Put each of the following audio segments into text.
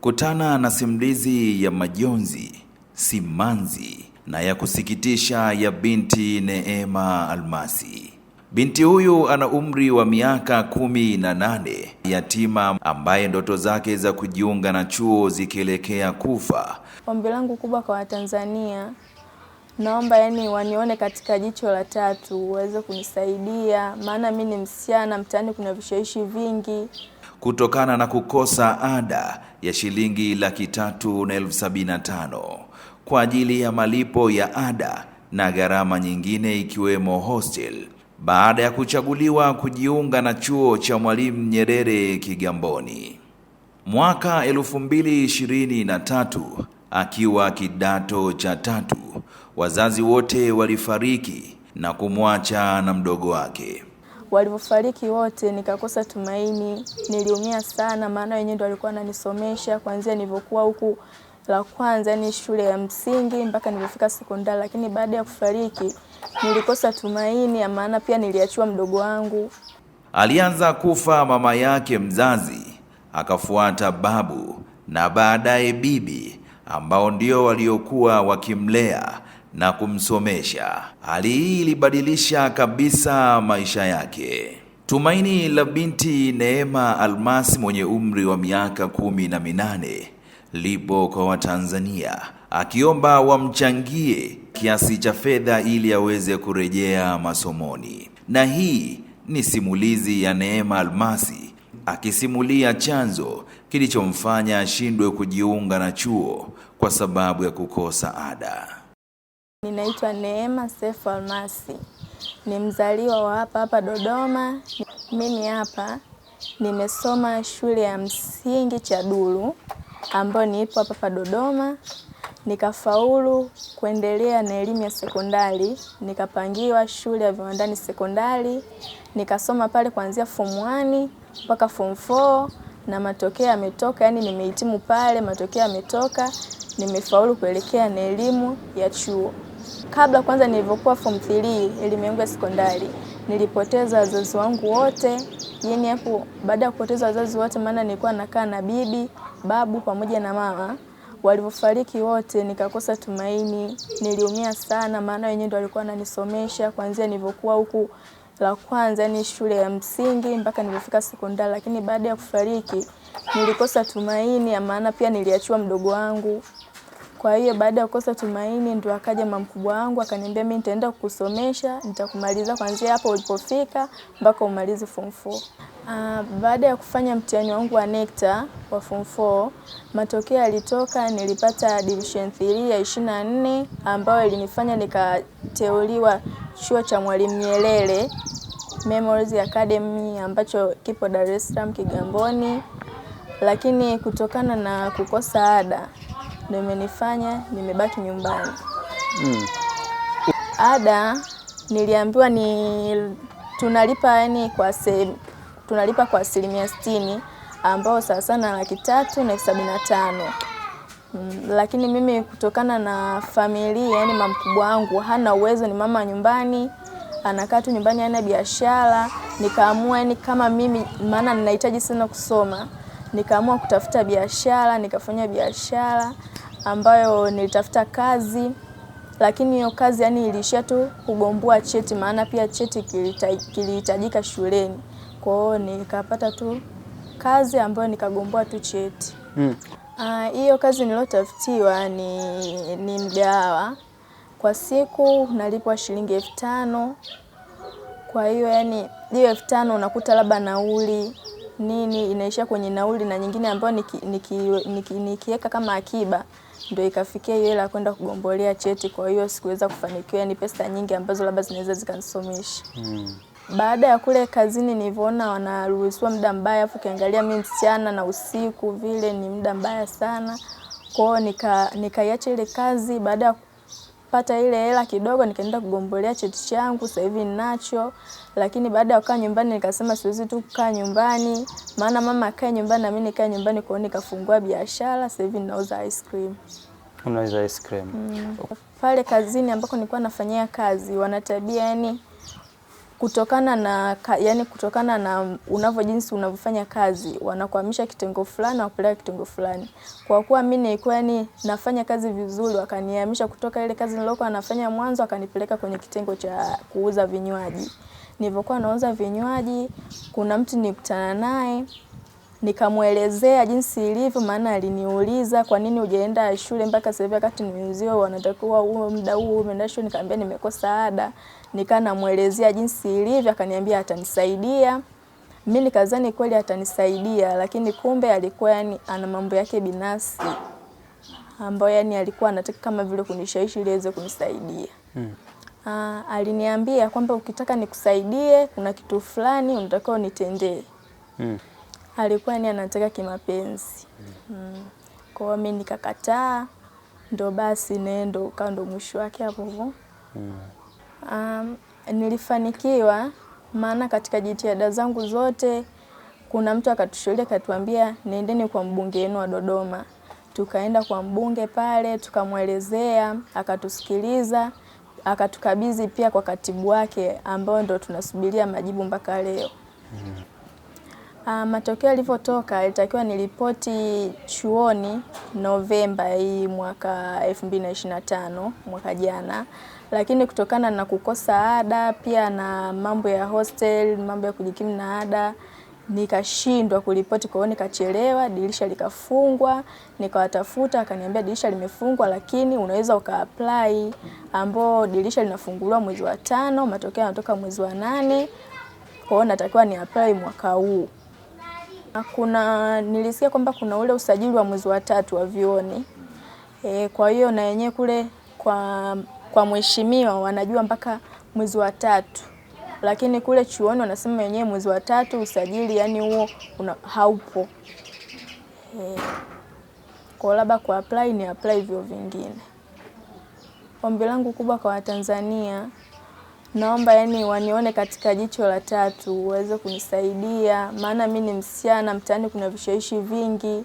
Kutana na simulizi ya majonzi, simanzi na ya kusikitisha ya binti Neema Almasi. Binti huyu ana umri wa miaka kumi na nane, yatima ambaye ndoto zake za kujiunga na chuo zikielekea kufa. Ombi langu kubwa kwa Watanzania, naomba yani wanione katika jicho la tatu, waweze kunisaidia, maana mi ni msichana, mtaani kuna vishawishi vingi kutokana na kukosa ada ya shilingi laki tatu na elfu sabini na tano kwa ajili ya malipo ya ada na gharama nyingine ikiwemo hostel baada ya kuchaguliwa kujiunga na chuo cha Mwalimu Nyerere Kigamboni mwaka tatu akiwa kidato cha tatu. Wazazi wote walifariki na kumwacha na mdogo wake. Walivyofariki wote nikakosa tumaini, niliumia sana, maana wenyewe ndio walikuwa wananisomesha kuanzia nilivyokuwa huku la kwanza, yani shule ya msingi mpaka nilipofika sekondari. Lakini baada ya kufariki nilikosa tumaini, maana pia niliachiwa mdogo wangu. Alianza kufa mama yake mzazi, akafuata babu na baadaye bibi, ambao ndio waliokuwa wakimlea na kumsomesha. Hali hii ilibadilisha kabisa maisha yake. Tumaini la binti Neema Almasi mwenye umri wa miaka kumi na minane lipo kwa Watanzania akiomba wamchangie kiasi cha fedha ili aweze kurejea masomoni. Na hii ni simulizi ya Neema Almasi akisimulia chanzo kilichomfanya ashindwe kujiunga na chuo kwa sababu ya kukosa ada. Ninaitwa Neema Seif Almasi, ni mzaliwa wa hapa hapa Dodoma. Mimi hapa nimesoma shule ya msingi Chadulu ambayo niipo hapa hapa Dodoma, nikafaulu kuendelea na elimu ya sekondari, nikapangiwa shule ya Viwandani Sekondari, nikasoma pale kuanzia form 1 mpaka form 4 na matokeo yametoka, yani nimehitimu pale, matokeo yametoka, nimefaulu kuelekea na elimu ya chuo. Kabla kwanza nilivyokuwa form 3 elimu yangu ya sekondari, nilipoteza wazazi wangu wote. Yani hapo baada ya kupoteza wazazi wote, maana nilikuwa nakaa na bibi, babu pamoja na mama. Walivyofariki wote nikakosa tumaini, niliumia sana, maana wenyewe ndio walikuwa wananisomesha kuanzia nilivyokuwa huku la kwanza ni yaani shule ya msingi mpaka nilipofika sekondari, lakini baada ya kufariki nilikosa tumaini, maana pia niliachiwa mdogo wangu. Kwa hiyo baada ya kukosa tumaini ndio akaja mama mkubwa wangu akaniambia, mimi nitaenda kukusomesha, nitakumaliza kuanzia hapo ulipofika mpaka umalize form 4. Uh, ah, baada ya kufanya mtihani wangu wa NECTA wa form 4, matokeo yalitoka, nilipata division 3 ya 24 ambayo ilinifanya nikateuliwa chuo cha Mwalimu Nyerere Memories Academy ambacho kipo Dar es Salaam Kigamboni, lakini kutokana na kukosa ada ndio imenifanya nimebaki nyumbani mm. Ada niliambiwa ni tunalipa yani kwa se, tunalipa kwa asilimia sitini ambao sawa sana laki tatu na elfu sabini na tano mm, lakini mimi kutokana na familia yani mamkubwa wangu hana uwezo, ni mama nyumbani anakaa tu nyumbani, hana biashara, nikaamua yani kama mimi, maana ninahitaji sana kusoma nikaamua kutafuta biashara, nikafanya biashara ambayo nilitafuta kazi, lakini hiyo kazi yani iliishia tu kugombua cheti, maana pia cheti kilihitajika shuleni. Kwa hiyo nikapata tu kazi ambayo nikagombua tu cheti hmm. ah, hiyo. Uh, kazi niliotafutiwa ni, ni mgawa kwa siku nalipwa shilingi elfu tano. Kwa hiyo yani hiyo elfu tano unakuta labda nauli nini inaishia kwenye nauli na nyingine ambayo nikiweka niki, niki, niki kama akiba ndio ikafikia hiyo hela kwenda kugombolea cheti. Kwa hiyo sikuweza kufanikiwa, ni yaani pesa nyingi ambazo labda zinaweza zikanisomesha mm. Baada ya kule kazini nilivyoona wanaruhusiwa muda mbaya, afu kiangalia mimi msichana na usiku vile ni muda mbaya sana, kwao nikaiacha nika ile kazi baada ya pata ile hela kidogo, nikaenda kugombolea cheti changu, sasa hivi ninacho. Lakini baada ya kukaa nyumbani, nikasema siwezi tu kukaa nyumbani, maana mama akae nyumbani na mimi nikae nyumbani, kwao nikafungua biashara. Sasa hivi ninauza ice cream. Unauza ice cream. Mm. Pale kazini ambako nilikuwa nafanyia kazi, wanatabia yani kutokana na yani, kutokana na unavyo jinsi unavyofanya kazi, wanakuhamisha kitengo fulani wakupeleka kitengo fulani. Kwa kuwa mimi nilikuwa yani nafanya kazi vizuri, wakanihamisha kutoka ile kazi nilokuwa nafanya mwanzo, akanipeleka kwenye kitengo cha kuuza vinywaji. Nilivyokuwa nauza vinywaji, kuna mtu nikutana naye nikamwelezea jinsi ilivyo, maana aliniuliza kwa nini hujaenda shule mpaka sasa hivi, wakati ni mzio wanatakiwa huo muda huo umeenda shule. Nikamwambia nimekosa ada, nikaa namwelezea jinsi ilivyo, akaniambia atanisaidia. Mimi nikazani kweli atanisaidia, lakini kumbe alikuwa yani ana mambo yake binafsi ambayo yani alikuwa anataka kama vile kunishawishi ili aweze kunisaidia hmm. Ah, aliniambia kwamba ukitaka nikusaidie kuna kitu fulani unatakiwa unitendee hmm alikuwa ni anataka kimapenzi mm. Kwa hiyo mimi nikakataa, ndo basi nendo ukawa ndo mwisho wake hapo hapo mm. Um, nilifanikiwa maana katika jitihada zangu zote kuna mtu akatushauri akatuambia, nendeni kwa mbunge wenu wa Dodoma. Tukaenda kwa mbunge pale, tukamwelezea, akatusikiliza, akatukabidhi pia kwa katibu wake, ambao ndo tunasubiria majibu mpaka leo mm. Uh, matokeo yalivyotoka ilitakiwa niripoti chuoni Novemba hii mwaka 2025 mwaka jana, lakini kutokana na kukosa ada pia na mambo ya hostel, mambo ya kujikimu na ada nikashindwa kuripoti. Kwa hiyo nikachelewa, dirisha likafungwa, nikawatafuta akaniambia dirisha limefungwa, lakini unaweza ukaapply, ambao dirisha linafunguliwa mwezi wa tano, matokeo yanatoka mwezi wa nane. Kwa hiyo natakiwa ni apply mwaka huu. Kuna nilisikia kwamba kuna ule usajili wa mwezi wa tatu wa vyuoni e, kwa hiyo na yenyewe kule kwa, kwa mheshimiwa wanajua mpaka mwezi wa tatu, lakini kule chuoni wanasema wenyewe mwezi wa tatu usajili yani huo haupo e, kwa labda kwa apply ni apply vyo vingine. Ombi langu kubwa kwa Watanzania naomba yani wanione katika jicho la tatu, uweze kunisaidia, maana mi ni msichana mtaani, kuna vishawishi vingi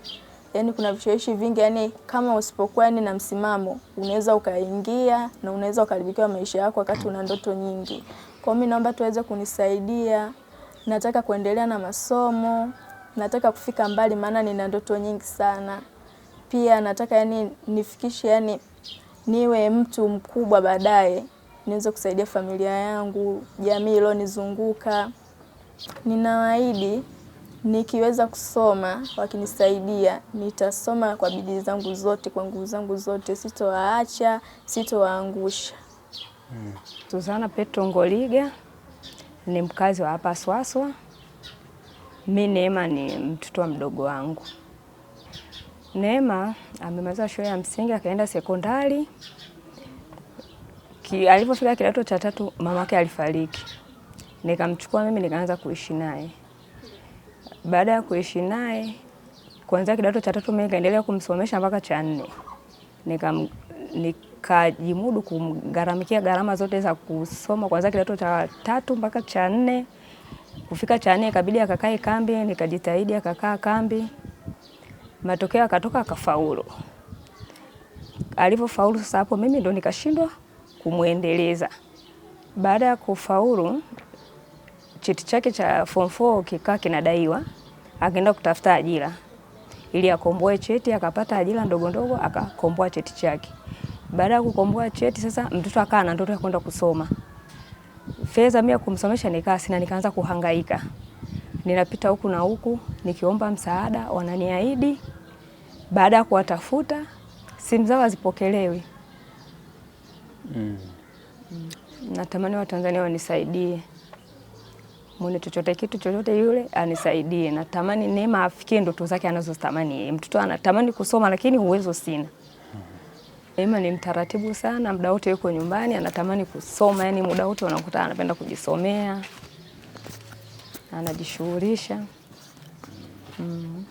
yani kuna vishawishi vingi yani, kama usipokuwa yani na msimamo, unaweza ukaingia na unaweza ukaribikiwa maisha yako wakati una ndoto nyingi. Kwa hiyo mi naomba tuweze kunisaidia, nataka kuendelea na masomo, nataka kufika mbali, maana nina ndoto nyingi sana. Pia nataka yani nifikishe yani niwe mtu mkubwa baadaye niweze kusaidia familia yangu, jamii ilionizunguka. Ninawaahidi nikiweza kusoma wakinisaidia, nitasoma kwa bidii zangu zote, kwa nguvu zangu zote, sitowaacha, sitowaangusha. Hmm. Suzana Petro Ngoliga ni mkazi wa hapa Swaswa. Mi Neema ni mtoto wa mdogo wangu. Neema amemaliza shule ya msingi akaenda sekondari ki, Alipofika kidato cha tatu mama yake alifariki, nikamchukua mimi nikaanza kuishi naye. Baada ya kuishi naye kuanzia kidato cha tatu mimi nikaendelea kumsomesha mpaka cha nne, nikajimudu nika kumgaramikia gharama zote za kusoma kuanzia kidato cha tatu mpaka cha nne. Kufika cha nne ikabidi akakae kambi, nikajitahidi akakaa kambi, matokeo akatoka akafaulu. Alivyofaulu sasa, hapo mimi ndo nikashindwa kumwendeleza. Baada ya kufaulu cheti chake cha form 4 kikaa kinadaiwa, akaenda kutafuta ajira ili akomboe cheti, akapata ajira ndogo ndogo, akakomboa cheti chake. Baada ya kukomboa cheti, sasa mtoto akaa na ndoto ya kwenda kusoma. Fedha mimi kumsomesha nikaa sina, nikaanza kuhangaika, ninapita huku na huku nikiomba msaada, wananiahidi. Baada ya kuwatafuta simu zao hazipokelewi mm. Natamani Watanzania wanisaidie, mwone chochote kitu chochote yule anisaidie. Natamani Neema afikie ndoto zake anazotamani yeye. Mtoto anatamani kusoma, lakini uwezo sina. Neema ni mtaratibu sana, muda wote yuko nyumbani, anatamani kusoma, yani muda wote unakuta anapenda kujisomea, anajishughulisha mm.